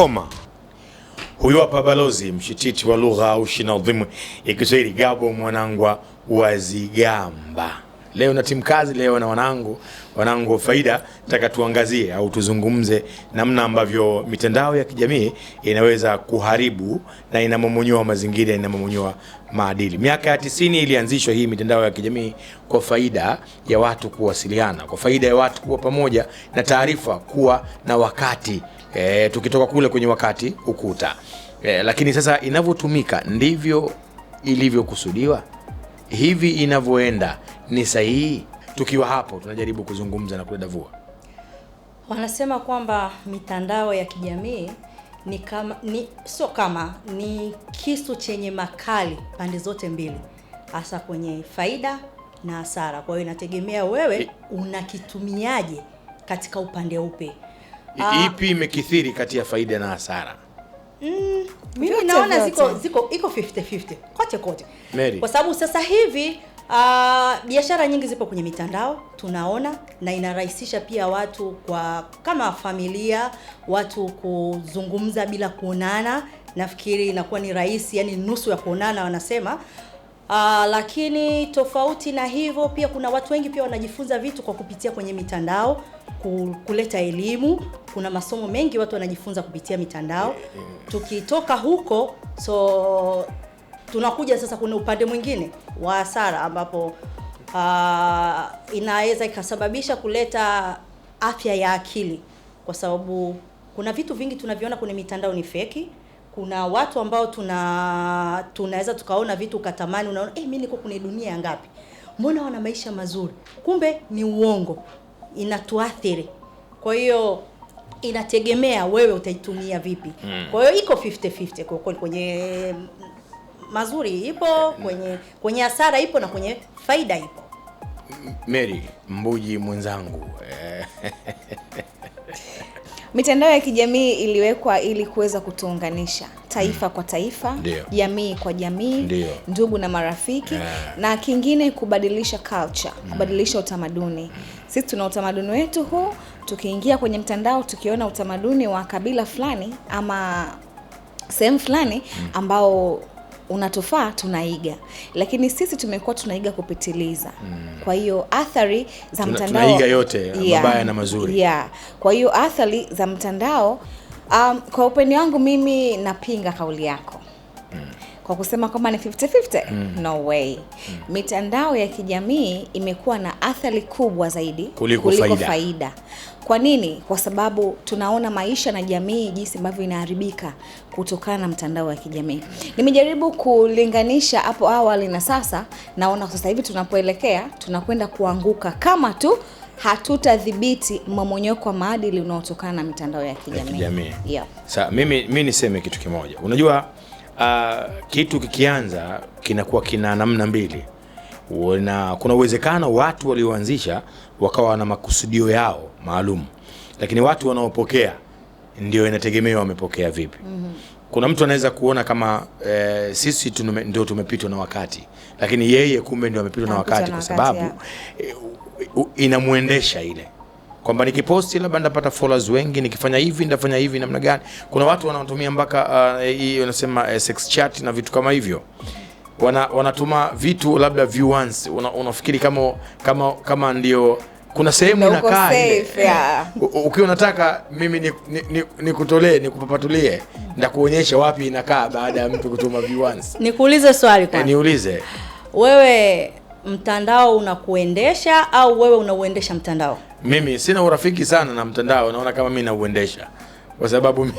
Koma. Huyu hapa balozi mshititi wa lugha au shina udhimu ya Kiswahili, Gabo Mwanangwa Wazigamba. Leo na timu kazi, leo na wanangu wanangu faida, nataka tuangazie au tuzungumze namna ambavyo mitandao ya kijamii inaweza kuharibu na inamomonyoa mazingira, inamomonyoa maadili. Miaka ya tisini ilianzishwa hii mitandao ya kijamii kwa faida ya watu kuwasiliana, kwa faida ya watu kuwa pamoja na taarifa, kuwa na wakati e, tukitoka kule kwenye wakati ukuta e, lakini sasa inavyotumika ndivyo ilivyokusudiwa, hivi inavyoenda ni sahihi. Tukiwa hapo tunajaribu kuzungumza na kudadavua, wanasema kwamba mitandao ya kijamii ni kama ni sio kama ni kisu chenye makali pande zote mbili, hasa kwenye faida na hasara. Kwa hiyo inategemea wewe unakitumiaje katika upande upe. Ah. Ipi imekithiri kati ya faida na hasara? Mm, mimi naona ziko ziko iko 50 50. Kote kote. Mary. Kwa sababu sasa hivi Uh, biashara nyingi zipo kwenye mitandao tunaona, na inarahisisha pia watu kwa kama familia, watu kuzungumza bila kuonana. Nafikiri inakuwa ni rahisi, yani nusu ya kuonana wanasema. Uh, lakini tofauti na hivyo pia kuna watu wengi pia wanajifunza vitu kwa kupitia kwenye mitandao kuleta elimu. Kuna masomo mengi watu wanajifunza kupitia mitandao. Tukitoka huko, so tunakuja sasa, kuna upande mwingine wa hasara ambapo uh, inaweza ikasababisha kuleta afya ya akili, kwa sababu kuna vitu vingi tunavyoona kwenye mitandao ni feki. Kuna watu ambao tuna tunaweza tukaona vitu ukatamani, unaona eh, mimi niko kwenye dunia ya ngapi, mbona wana maisha mazuri, kumbe ni uongo inatuathiri. Kwa hiyo inategemea wewe utaitumia vipi. Mm. Kwa hiyo iko 50-50 kwa kweli, kwenye mazuri ipo, kwenye kwenye hasara ipo na kwenye faida ipo. Mary Mbuji mwenzangu Mitandao ya kijamii iliwekwa ili kuweza kutuunganisha taifa mm. kwa taifa, jamii kwa jamii, Dio. ndugu na marafiki yeah. na kingine kubadilisha culture, mm. kubadilisha utamaduni mm. sisi tuna utamaduni wetu huu, tukiingia kwenye mtandao tukiona utamaduni wa kabila fulani ama sehemu fulani mm. ambao unatufaa tunaiga, lakini sisi tumekuwa tunaiga kupitiliza mm. Kwa hiyo athari za mtandao tunaiga yote yeah, mabaya na mazuri yeah. Kwa hiyo athari za mtandao um, kwa upande wangu mimi napinga kauli yako mm. Kwa kusema kwamba ni 50 50 mm. no way Mitandao ya kijamii imekuwa na athari kubwa zaidi kuliko, kuliko faida, faida. Kwa nini? Kwa sababu tunaona maisha na jamii jinsi ambavyo inaharibika kutokana na mtandao wa kijamii. Nimejaribu kulinganisha hapo awali na sasa, naona sasa hivi tunapoelekea tunakwenda kuanguka kama tu hatutadhibiti mmomonyoko wa maadili unaotokana na mitandao ya kijamii. Yeah. Sasa mimi, mimi niseme kitu kimoja, unajua uh, kitu kikianza kinakuwa kina namna mbili na kuna uwezekano watu walioanzisha wakawa na makusudio yao maalum, lakini watu wanaopokea ndio inategemea wamepokea vipi. mm -hmm. Kuna mtu anaweza kuona kama e, sisi ndio tumepitwa na wakati, lakini yeye kumbe ndio amepitwa na wakati, kwa sababu eh, inamwendesha ile kwamba nikiposti labda ndapata followers wengi, nikifanya hivi ndafanya hivi namna gani. Kuna watu wanaotumia mpaka eh, hii uh, wanasema uh, sex chat na vitu kama hivyo, wana, wanatuma vitu labda viewers, unafikiri una kama, kama, kama ndio kuna sehemu inakaa Ukiwa unataka mimi nikutolee ni, ni, ni nikupapatulie, ndakuonyesha wapi inakaa baada ya mtu kutuma viwanzi. Nikuulize swali kwanza. E, niulize wewe, mtandao unakuendesha au wewe unauendesha mtandao? Mimi sina urafiki sana na mtandao, naona kama mimi nauendesha kwa sababu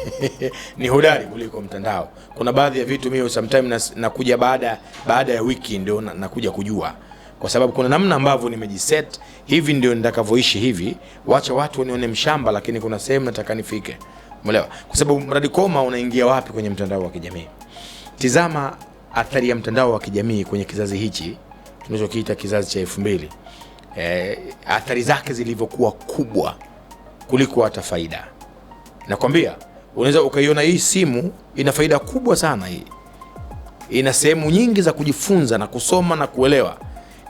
ni hodari kuliko mtandao. Kuna baadhi ya vitu mimi sometimes nakuja baada baada ya wiki ndio nakuja kujua kwa sababu kuna namna ambavyo nimejiset, hivi ndio nitakavyoishi, hivi wacha watu wanione mshamba, lakini kuna sehemu nataka nifike, umeelewa? Kwa sababu mradi koma unaingia wapi kwenye mtandao wa kijamii? Tizama athari ya mtandao wa kijamii kwenye kizazi hichi tunachokiita kizazi cha elfu mbili e, athari zake zilivyokuwa kubwa kuliko hata faida. Nakwambia unaweza ukaiona hii simu ina faida kubwa sana, hii ina sehemu nyingi za kujifunza na kusoma na kuelewa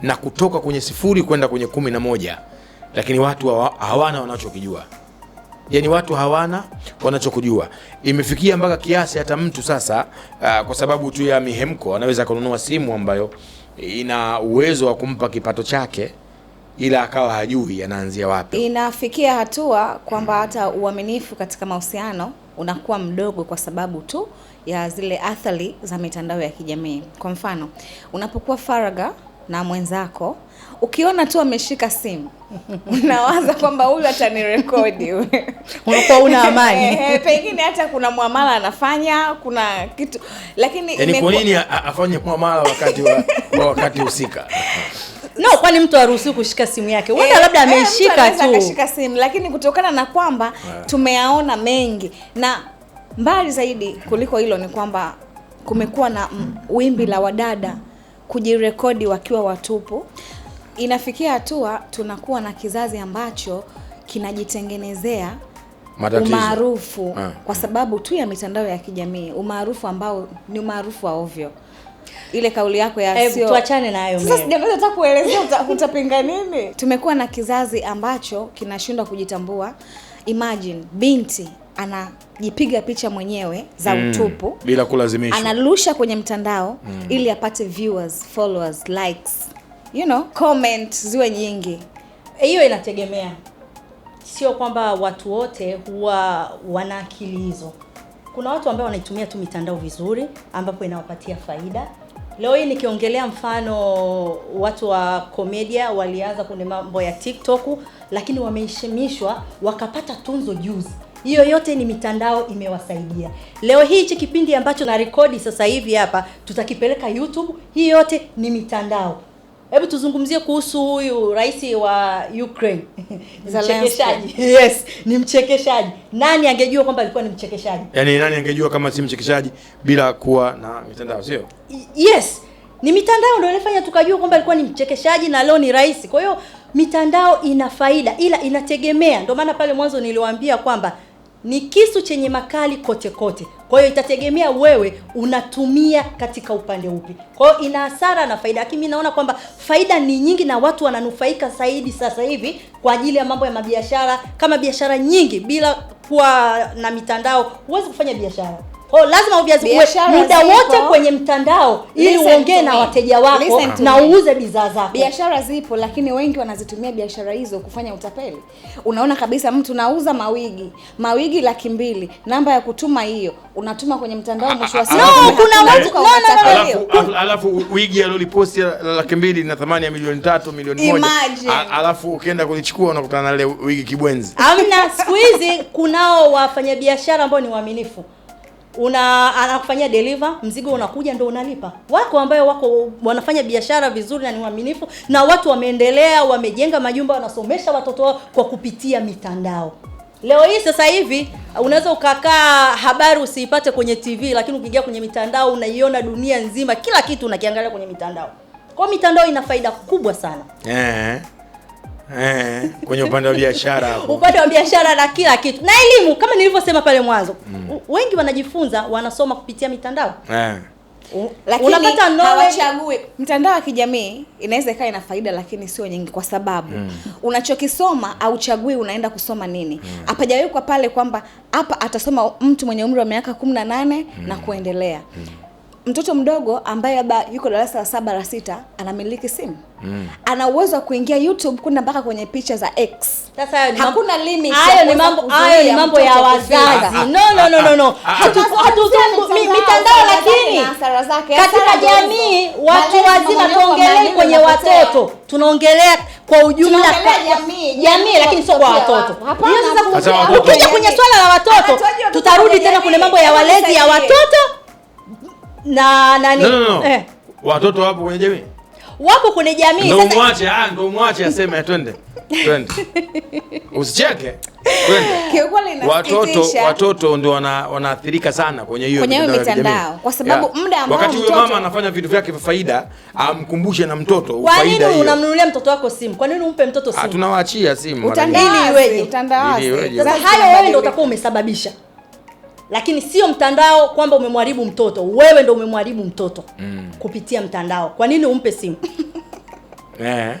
na kutoka kwenye sifuri kwenda kwenye kumi na moja, lakini watu hawana wanachokijua. Yani watu hawana wanachokujua. Imefikia mpaka kiasi hata mtu sasa uh, kwa sababu tu ya mihemko anaweza kununua simu ambayo ina uwezo wa kumpa kipato chake ila akawa hajui anaanzia wapi. Inafikia hatua kwamba hata uaminifu katika mahusiano unakuwa mdogo kwa sababu tu ya zile athari za mitandao ya kijamii. Kwa mfano, unapokuwa faraga na mwenzako, ukiona tu ameshika simu unawaza kwamba huyu atanirekodi, unakuwa una amani eh, pengine hata kuna mwamala anafanya, kuna kitu lakini yani kwa nini afanye mwamala wakati wa, wa wakati husika No, kwani mtu haruhusiwi kushika simu yake? Wenda eh, labda eh, ameishika tu. Akashika simu lakini kutokana na kwamba tumeyaona mengi na mbali zaidi kuliko hilo ni kwamba kumekuwa na wimbi la wadada kujirekodi wakiwa watupu. Inafikia hatua tunakuwa na kizazi ambacho kinajitengenezea umaarufu ah. kwa sababu tu ya mitandao ya kijamii, umaarufu ambao ni umaarufu wa ovyo. Ile kauli yako ya sio, tuachane nayo. Sasa sijaweza hata kuelezea utapinga nini. Tumekuwa na kizazi ambacho kinashindwa kujitambua. Imagine binti anajipiga picha mwenyewe za mm, utupu bila kulazimisha, analusha kwenye mtandao mm, ili apate viewers, followers, likes, you know, comment ziwe nyingi. Hiyo inategemea, sio kwamba watu wote huwa wana akili hizo. Kuna watu ambao wanaitumia tu mitandao vizuri, ambapo inawapatia faida. Leo hii nikiongelea mfano watu wa komedia walianza kwenye mambo ya TikTok, lakini wameheshimishwa wakapata tunzo juzi hiyo yote ni mitandao imewasaidia. Leo hii hichi kipindi ambacho na rekodi sasa hivi hapa tutakipeleka YouTube. Hii yote ni mitandao. Hebu tuzungumzie kuhusu huyu rais wa Ukraine mchekeshaji. Yes, ni mchekeshaji. Nani angejua kwamba alikuwa ni mchekeshaji? Yaani nani angejua kama si mchekeshaji bila kuwa na mitandao, sio? Yes, ni mitandao ndio inafanya tukajua kwamba alikuwa ni mchekeshaji na leo ni rais. Kwa hiyo mitandao ina faida, ila inategemea. Ndio maana pale mwanzo niliwaambia kwamba ni kisu chenye makali kote kote. Kwa hiyo itategemea wewe unatumia katika upande upi. Kwa hiyo ina hasara na faida, lakini mimi naona kwamba faida ni nyingi na watu wananufaika zaidi sasa hivi kwa ajili ya mambo ya mabiashara. Kama biashara nyingi bila kuwa na mitandao huwezi kufanya biashara oh, lazima viazi uwe muda wote kwenye mtandao ili uongee na wateja wako na uuze bidhaa zako. Biashara zipo, lakini wengi wanazitumia biashara hizo kufanya utapeli. Unaona kabisa, mtu nauza mawigi mawigi laki mbili, namba ya kutuma hiyo, unatuma kwenye mtandao, mwisho wa siku kuna watu alafu alafu wigi aloliposti la laki mbili na thamani ya milioni tatu milioni moja, alafu ukienda kulichukua unakutana na ile wigi kibwenzi. Hamna, siku hizi kunao wafanyabiashara ambao ni waaminifu una anakufanyia deliver mzigo unakuja ndio unalipa. Wako ambayo wako wanafanya biashara vizuri na ni waaminifu na watu wameendelea, wamejenga majumba, wanasomesha watoto wao kwa kupitia mitandao. Leo hii sasa hivi unaweza ukakaa, habari usiipate kwenye TV, lakini ukiingia kwenye mitandao unaiona dunia nzima, kila kitu unakiangalia kwenye mitandao. Kwa mitandao ina faida kubwa sana. Eh eh, kwenye upande wa biashara hapo, upande wa biashara na kila kitu na elimu, kama nilivyosema pale mwanzo mm. wengi wanajifunza, wanasoma kupitia mitandao eh. Lakini hawachague mtandao wa kijamii, inaweza ikawa ina faida, lakini sio nyingi, kwa sababu mm. unachokisoma auchagui unaenda kusoma nini. Mm. Hapajawekwa mm. pale kwamba hapa atasoma mtu mwenye umri wa miaka 18 mm. na kuendelea mm mtoto mdogo ambaye labda yuko darasa la saba la sita anamiliki simu mm. ana uwezo wa kuingia YouTube kwenda mpaka kwenye picha za X. Sasa hakuna limit. Hayo ni mambo hayo ni mambo ya wazazi. No no no no no. Mitandao lakini katika jamii watu wazima tuongelee kwenye watoto. Tunaongelea kwa ujumla jamii lakini sio kwa watoto. Hiyo sasa ukija kwenye swala la watoto tutarudi tena kwenye mambo ya walezi ya watoto na nani? No, no, no. Eh. Watoto wapo kwenye jamii? Wapo kwenye jamii. Ndio muache, ah, ndio muache aseme twende. Twende. Usicheke. Twende. Watoto watoto ndio wana wanaathirika sana kwenye hiyo kwenye mitandao kwa sababu yeah. Muda ambao wakati huyo mama anafanya vitu vyake vya faida amkumbushe na mtoto faida hiyo. Kwa nini unamnunulia mtoto wako simu? Kwa nini umpe mtoto simu? Ah, tunawaachia simu. Utandawazi, utandawazi. Sasa hayo wewe ndio utakuwa umesababisha lakini sio mtandao kwamba umemharibu mtoto. Wewe ndo umemharibu mtoto mm. kupitia mtandao. Kwa nini umpe simu? eh.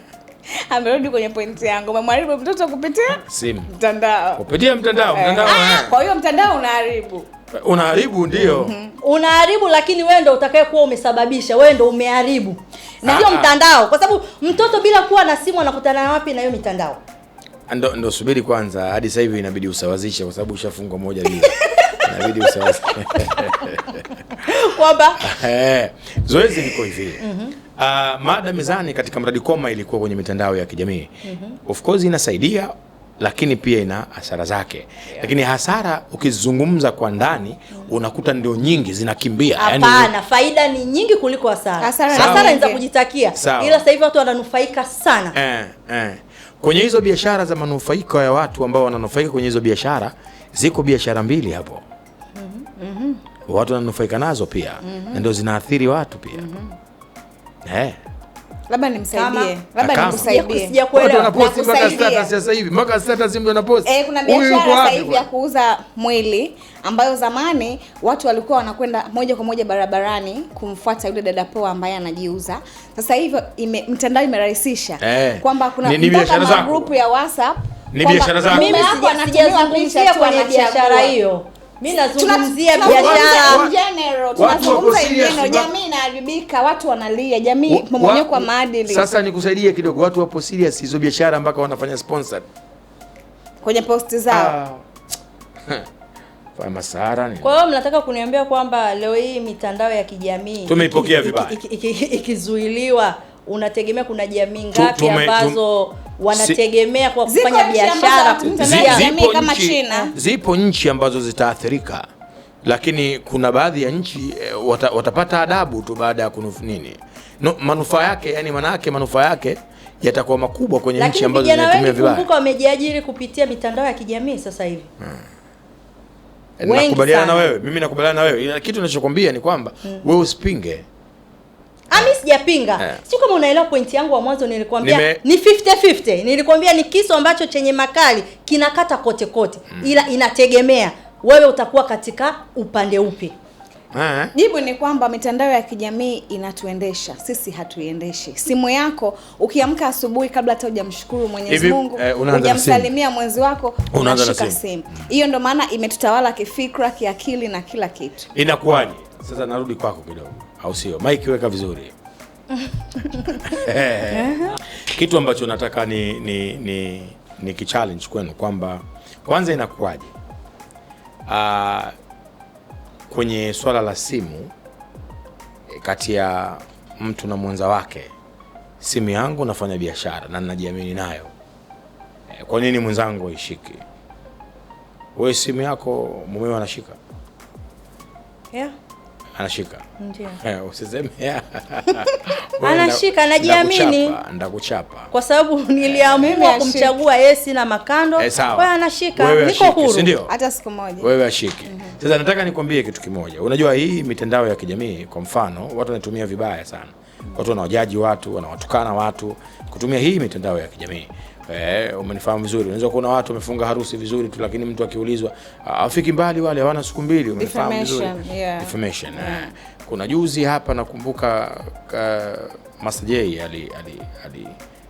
Amerudi kwenye pointi yangu, umemharibu mtoto kupitia simu, mtandao, kupitia mtandao, eh. mtandao. Ah, eh. kwa hiyo mtandao unaharibu unaharibu ndio, mm -hmm. unaharibu, lakini wewe ndo utakaye kuwa umesababisha, wewe ndo umeharibu na hiyo ah, ah. mtandao, kwa sababu mtoto bila kuwa na simu anakutana na wapi na hiyo mitandao? Ndo, ndo subiri kwanza, hadi sasa hivi inabidi usawazishe, kwa sababu ushafungwa moja lile inabidi kwamba eh, zoezi liko hivi mm uh, mada mezani katika mradi Koma ilikuwa kwenye mitandao ya kijamii mm -hmm. of course inasaidia lakini pia ina hasara zake yeah. Lakini hasara ukizungumza kwa ndani mm. unakuta ndio nyingi zinakimbia. Hapana, yani... faida ni nyingi kuliko hasara. Hasara ni za kujitakia, ila sasa hivi watu wananufaika sana eh, eh. Kwenye hizo biashara za manufaiko ya watu ambao wananufaika kwenye hizo biashara, ziko biashara mbili hapo mm -hmm. watu wananufaika nazo pia mm -hmm. na ndio zinaathiri watu pia mm -hmm. eh. Labda nimsaidie, labda nimsaidie, Watu Wanaposti mpaka status sasa hivi, mpaka status mtu anaposti. Eh, kuna biashara sasa hivi ya kuuza mwili ambayo zamani watu walikuwa wanakwenda moja kwa moja barabarani kumfuata yule dada poa ambaye anajiuza. Sasa hivi ime, mtandao imerahisisha eh, kwamba kuna ni, ni biashara group ya WhatsApp ni biashara zako. Mimi sijazungumzia kwenye biashara hiyo mimi nazungumzia biashara Jamii inaharibika, watu wanalia, jamii mmonyoko wa maadili. Sasa nikusaidie kidogo, watu wapo serious hizo biashara mpaka wanafanya sponsor kwenye posti zao. Ah. Kwa hiyo mnataka kuniambia kwamba leo hii mitandao ya kijamii tumeipokea vibaya, ikizuiliwa, unategemea kuna jamii ngapi ambazo wanategemea kwa kufanya biashara jamii kama China. Zipo nchi ambazo zitaathirika, lakini kuna baadhi ya nchi eh, wata, watapata adabu tu baada ya nini no, manufaa yake yani, manake manufaa yake yatakuwa makubwa kwenye nchi ambazo zinatumia vibaya. Lakini wamejiajiri kupitia mitandao ya kijamii sasa hivi hmm. Eh, nakubaliana na wewe, mimi nakubaliana na wewe, ila kitu ninachokwambia ni kwamba hmm. wewe usipinge Ah, mimi sijapinga. Yeah. Sio kama unaelewa pointi yangu wa mwanzo nilikwambia Nime... ni 50 50. Nilikwambia ni kisu ambacho chenye makali kinakata kote kote. Mm. Ila inategemea wewe utakuwa katika upande upi. Ha. Eh, eh. Jibu ni kwamba mitandao ya kijamii inatuendesha sisi, hatuiendeshi. Simu yako ukiamka asubuhi, kabla hata hujamshukuru Mwenyezi Mungu, eh, hujamsalimia eh, mwenzi wako, unashika simu. Hiyo ndio maana imetutawala kifikra, kiakili na kila kitu. Inakuwaje sasa? Narudi kwako kidogo au sio? Mike weka vizuri kitu ambacho nataka ni, ni, ni, ni kichallenge kwenu kwamba kwanza inakuwaje ah, kwenye swala la simu eh, kati ya mtu na mwenza wake. Simu yangu nafanya biashara na ninajiamini nayo, eh, kwa nini mwenzangu aishiki? Wewe simu yako mumeo anashika, yeah anashika eh, usiseme anashika, anajiamini, ndakuchapa kwa sababu eh, niliamua kumchagua yeye, sina makando eh, kwa anashika, niko huru, hata siku moja wewe ashike. mm -hmm. Sasa nataka nikwambie kitu kimoja, unajua hii mitandao ya kijamii kwa mfano, watu wanatumia vibaya sana, watu wanawajaji watu, wanawatukana watu kutumia hii mitandao ya kijamii Eh, umenifahamu vizuri. Unaweza kuona watu wamefunga harusi vizuri tu, lakini mtu akiulizwa ah, afiki mbali, wale hawana siku mbili. Umenifahamu vizuri yeah. Information eh. yeah. Kuna juzi hapa nakumbuka uh, Master Jay ali, ali, ali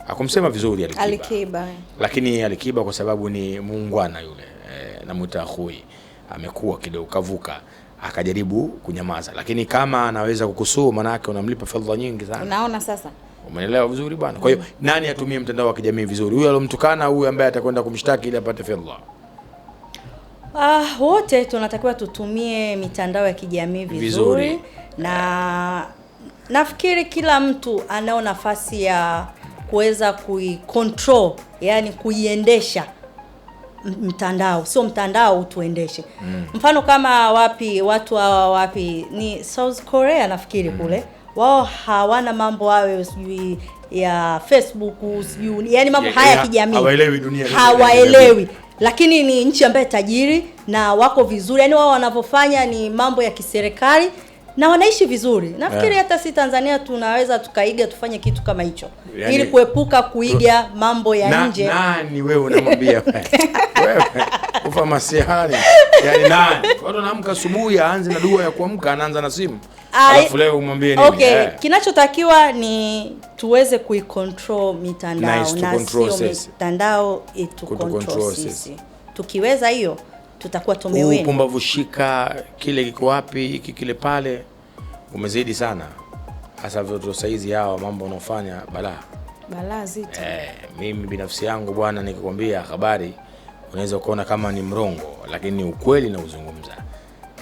akumsema vizuri Alikiba. Alikiba. Lakini Alikiba kwa sababu ni muungwana yule eh, namuita akhui amekuwa kidogo kavuka akajaribu kunyamaza, lakini kama anaweza kukusuu, maanake unamlipa fedha nyingi sana. Unaona sasa Umeelewa vizuri bwana. Kwa hiyo mm. nani atumie mtandao wa kijamii vizuri, huyu alomtukana, huyu ambaye atakwenda kumshtaki ili apate fedha? Uh, wote tunatakiwa tutumie mitandao ya kijamii vizuri, vizuri na nafikiri kila mtu anao nafasi ya kuweza kuicontrol, yani kuiendesha mtandao, sio mtandao utuendeshe. mm. Mfano kama wapi watu hawa wapi ni South Korea nafikiri mm. kule wao hawana mambo hayo, sijui ya Facebook, sijui yani mambo haya ya kijamii, hawaelewi dunia, hawaelewi lakini ni nchi ambayo tajiri na wako vizuri, yani wao wanavyofanya ni mambo ya kiserikali na wanaishi vizuri. Nafikiri eh. hata yeah. si Tanzania tunaweza tukaiga tufanye kitu kama hicho yani, ili kuepuka kuiga mambo ya na, nje. Nani wewe unamwambia wewe? Ufamasiani. yani, nani? Watu wanaamka asubuhi aanze na dua ya kuamka anaanza na simu. Alafu leo umwambie nini? Okay, yeah. Kinachotakiwa ni tuweze kuicontrol mitandao nice, na sio mitandao itu control sisi. Tukiweza hiyo tutakuwa tumeweza. Upumbavu, shika kile kiko wapi, hiki kile pale, umezidi sana hasa vyoto saizi, hawa mambo unaofanya balaa balaa zito. Eh, mimi binafsi yangu bwana, nikikwambia habari unaweza ukaona kama ni mrongo, lakini ukweli na uzungumza.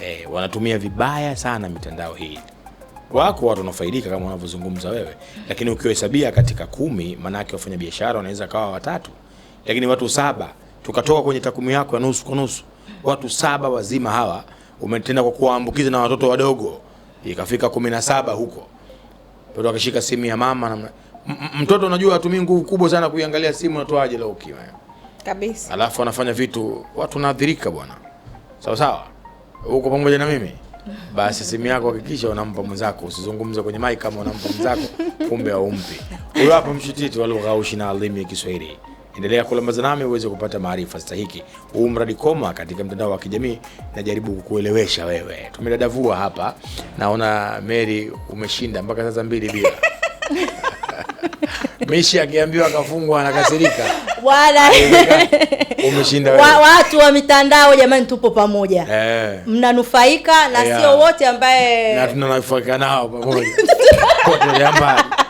Eh, wanatumia vibaya sana mitandao hii. Wako watu wanafaidika kama unavyozungumza wewe, lakini ukiwahesabia katika kumi, maanake wafanya biashara wanaweza kawa watatu, lakini watu saba tukatoka kwenye takwimu yako ya nusu kwa nusu watu saba wazima hawa umetenda kwa kuwaambukiza na watoto wadogo, ikafika kumi na saba huko. Mtoto akishika simu ya mama na mtoto, unajua hatumii nguvu kubwa sana kuiangalia simu, natoaje la ukiwa kabisa, alafu anafanya vitu, watu naadhirika bwana. Sawa sawa, uko pamoja na mimi basi simu yako hakikisha unampa mwenzako, usizungumze kwenye mic kama unampa mwenzako, kumbe haumpi. Huyo hapo mshititi wa lugha aushi na alimi ya Kiswahili endelea kulambaza nami uweze kupata maarifa stahiki. Huu mradi Koma katika mtandao wa kijamii najaribu kukuelewesha wewe, tumedadavua hapa. Naona Mary umeshinda mpaka sasa mbili bila Mishi akiambiwa akafungwa anakasirika. Wala umeshinda wewe. Watu wa mitandao jamani, tupo pamoja eh, mnanufaika na yeah, sio wote ambaye na tunanufaika nao pamoja